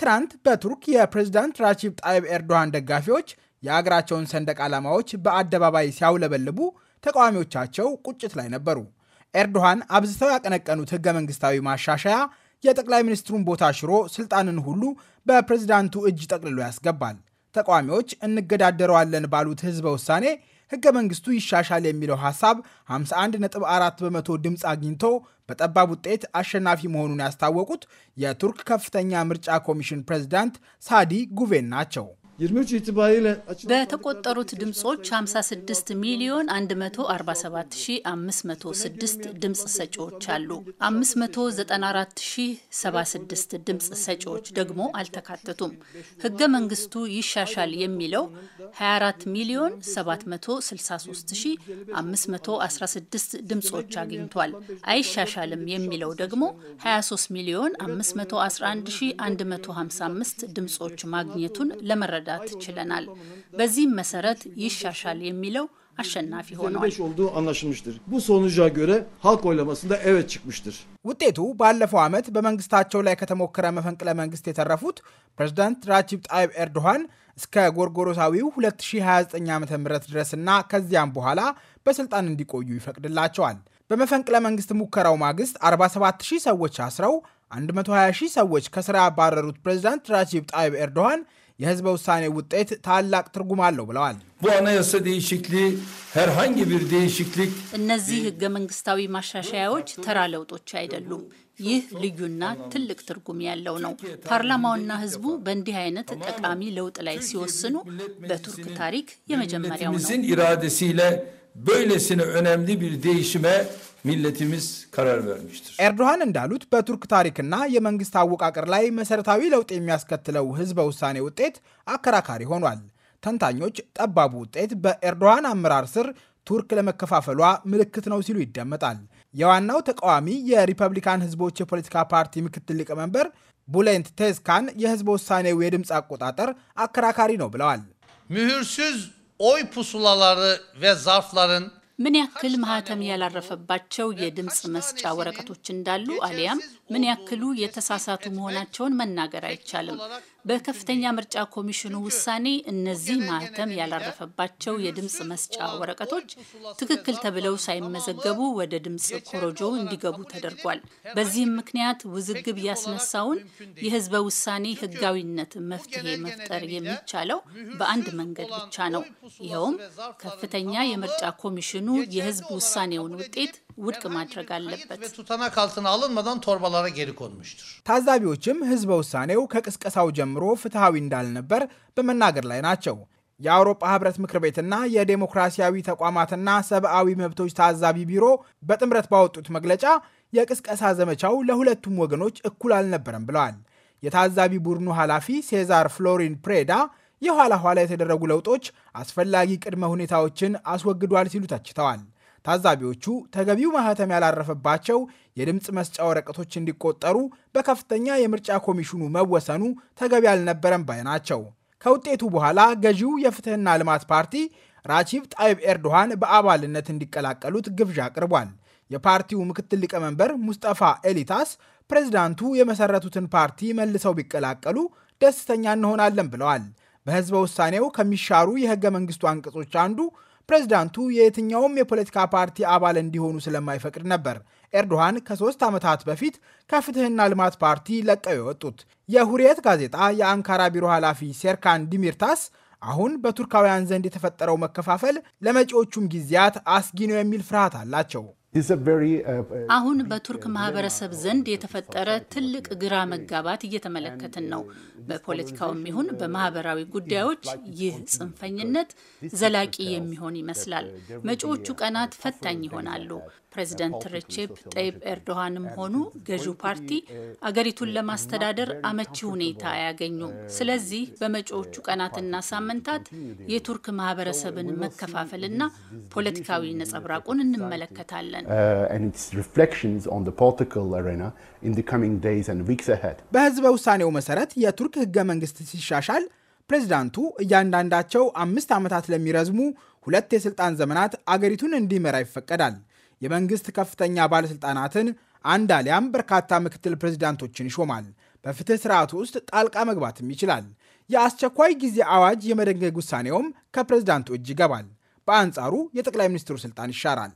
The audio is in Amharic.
ትናንት በቱርክ የፕሬዝዳንት ራቺብ ጣይብ ኤርዶሃን ደጋፊዎች የአገራቸውን ሰንደቅ ዓላማዎች በአደባባይ ሲያውለበልቡ ተቃዋሚዎቻቸው ቁጭት ላይ ነበሩ። ኤርዶሃን አብዝተው ያቀነቀኑት ህገ መንግስታዊ ማሻሻያ የጠቅላይ ሚኒስትሩን ቦታ ሽሮ ስልጣንን ሁሉ በፕሬዝዳንቱ እጅ ጠቅልሎ ያስገባል። ተቃዋሚዎች እንገዳደረዋለን ባሉት ህዝበ ውሳኔ ህገ መንግስቱ ይሻሻል የሚለው ሐሳብ 51.4 በመቶ ድምፅ አግኝቶ በጠባብ ውጤት አሸናፊ መሆኑን ያስታወቁት የቱርክ ከፍተኛ ምርጫ ኮሚሽን ፕሬዝዳንት ሳዲ ጉቬን ናቸው። በተቆጠሩት ድምጾች 56 ሚሊዮን 147506 ድምጽ ሰጪዎች አሉ። 594076 ድምጽ ሰጪዎች ደግሞ አልተካተቱም። ህገ መንግስቱ ይሻሻል የሚለው 24 ሚሊዮን 763516 ድምጾች አግኝቷል። አይሻሻልም የሚለው ደግሞ 23 ሚሊዮን 511155 ድምጾች ማግኘቱን ለመረዳት መረዳት ችለናል። በዚህም መሰረት ይሻሻል የሚለው አሸናፊ ሆነዋል። ውጤቱ ባለፈው ዓመት በመንግስታቸው ላይ ከተሞከረ መፈንቅለ መንግስት የተረፉት ፕሬዝዳንት ራጂብ ጣይብ ኤርዶሃን እስከ ጎርጎሮሳዊው 2029 ዓ ም ድረስና ከዚያም በኋላ በስልጣን እንዲቆዩ ይፈቅድላቸዋል። በመፈንቅለ መንግስት ሙከራው ማግስት 47000 ሰዎች አስረው 120000 ሰዎች ከስራ ያባረሩት ፕሬዚዳንት ራጂብ ጣይብ ኤርዶሃን የህዝበ ውሳኔ ውጤት ታላቅ ትርጉም አለው ብለዋል። እነዚህ ህገ መንግስታዊ ማሻሻያዎች ተራ ለውጦች አይደሉም። ይህ ልዩና ትልቅ ትርጉም ያለው ነው። ፓርላማውና ህዝቡ በእንዲህ አይነት ጠቃሚ ለውጥ ላይ ሲወስኑ በቱርክ ታሪክ የመጀመሪያው ነው። ሚለቲሚስ karar vermiştir። ኤርዶሃን እንዳሉት በቱርክ ታሪክና የመንግስት አወቃቀር ላይ መሰረታዊ ለውጥ የሚያስከትለው ህዝበ ውሳኔ ውጤት አከራካሪ ሆኗል። ተንታኞች ጠባቡ ውጤት በኤርዶሃን አመራር ስር ቱርክ ለመከፋፈሏ ምልክት ነው ሲሉ ይደመጣል። የዋናው ተቃዋሚ የሪፐብሊካን ህዝቦች የፖለቲካ ፓርቲ ምክትል ሊቀመንበር ቡሌንት ቴዝካን የህዝበ ውሳኔው የድምፅ አቆጣጠር አከራካሪ ነው ብለዋል። mühürsüz ኦይ pusulaları ve ምን ያክል ማህተም ያላረፈባቸው የድምፅ መስጫ ወረቀቶች እንዳሉ አሊያም ምን ያክሉ የተሳሳቱ መሆናቸውን መናገር አይቻልም። በከፍተኛ ምርጫ ኮሚሽኑ ውሳኔ እነዚህ ማህተም ያላረፈባቸው የድምፅ መስጫ ወረቀቶች ትክክል ተብለው ሳይመዘገቡ ወደ ድምፅ ኮረጆ እንዲገቡ ተደርጓል። በዚህም ምክንያት ውዝግብ ያስነሳውን የህዝበ ውሳኔ ህጋዊነት መፍትሄ መፍጠር የሚቻለው በአንድ መንገድ ብቻ ነው። ይኸውም ከፍተኛ የምርጫ ኮሚሽኑ የህዝብ ውሳኔውን ውጤት ውድቅ ማድረግ አለበት። ቱተና ካልትን አልንመዳን ቶርባላራ ጌሪ ኮንሙሽቱር። ታዛቢዎችም ህዝበ ውሳኔው ከቅስቀሳው ጀምሮ ፍትሐዊ እንዳልነበር በመናገር ላይ ናቸው። የአውሮፓ ህብረት ምክር ቤትና የዴሞክራሲያዊ ተቋማትና ሰብአዊ መብቶች ታዛቢ ቢሮ በጥምረት ባወጡት መግለጫ የቅስቀሳ ዘመቻው ለሁለቱም ወገኖች እኩል አልነበረም ብለዋል። የታዛቢ ቡድኑ ኃላፊ ሴዛር ፍሎሪን ፕሬዳ የኋላ ኋላ የተደረጉ ለውጦች አስፈላጊ ቅድመ ሁኔታዎችን አስወግዷል ሲሉ ተችተዋል። ታዛቢዎቹ ተገቢው ማህተም ያላረፈባቸው የድምፅ መስጫ ወረቀቶች እንዲቆጠሩ በከፍተኛ የምርጫ ኮሚሽኑ መወሰኑ ተገቢ አልነበረም ባይ ናቸው። ከውጤቱ በኋላ ገዢው የፍትህና ልማት ፓርቲ ራቺብ ጣይብ ኤርዶሃን በአባልነት እንዲቀላቀሉት ግብዣ አቅርቧል። የፓርቲው ምክትል ሊቀመንበር ሙስጠፋ ኤሊታስ ፕሬዝዳንቱ የመሰረቱትን ፓርቲ መልሰው ቢቀላቀሉ ደስተኛ እንሆናለን ብለዋል። በህዝበ ውሳኔው ከሚሻሩ የህገ መንግስቱ አንቀጾች አንዱ ፕሬዝዳንቱ የየትኛውም የፖለቲካ ፓርቲ አባል እንዲሆኑ ስለማይፈቅድ ነበር ኤርዶሃን ከሶስት ዓመታት በፊት ከፍትህና ልማት ፓርቲ ለቀው የወጡት። የሁሪየት ጋዜጣ የአንካራ ቢሮ ኃላፊ ሴርካን ዲሚርታስ አሁን በቱርካውያን ዘንድ የተፈጠረው መከፋፈል ለመጪዎቹም ጊዜያት አስጊ ነው የሚል ፍርሃት አላቸው። Uh, uh, አሁን በቱርክ uh, ማህበረሰብ ዘንድ የተፈጠረ ትልቅ ግራ መጋባት እየተመለከትን ነው። በፖለቲካውም ይሁን በማህበራዊ ጉዳዮች ይህ ጽንፈኝነት ዘላቂ የሚሆን ይመስላል። መጪዎቹ ቀናት ፈታኝ ይሆናሉ። ፕሬዚደንት ሬቼፕ ጠይብ ኤርዶሃንም ሆኑ ገዢው ፓርቲ አገሪቱን ለማስተዳደር አመቺ ሁኔታ አያገኙም። ስለዚህ በመጪዎቹ ቀናትና ሳምንታት የቱርክ ማህበረሰብን መከፋፈልና ፖለቲካዊ ነጸብራቁን እንመለከታለን። እናያለን። uh, በህዝበ ውሳኔው መሰረት የቱርክ ህገ መንግስት ሲሻሻል ፕሬዚዳንቱ እያንዳንዳቸው አምስት ዓመታት ለሚረዝሙ ሁለት የሥልጣን ዘመናት አገሪቱን እንዲመራ ይፈቀዳል። የመንግሥት ከፍተኛ ባለሥልጣናትን አንድ አሊያም በርካታ ምክትል ፕሬዚዳንቶችን ይሾማል። በፍትህ ስርዓቱ ውስጥ ጣልቃ መግባትም ይችላል። የአስቸኳይ ጊዜ አዋጅ የመደንገግ ውሳኔውም ከፕሬዚዳንቱ እጅ ይገባል። በአንጻሩ የጠቅላይ ሚኒስትሩ ስልጣን ይሻራል።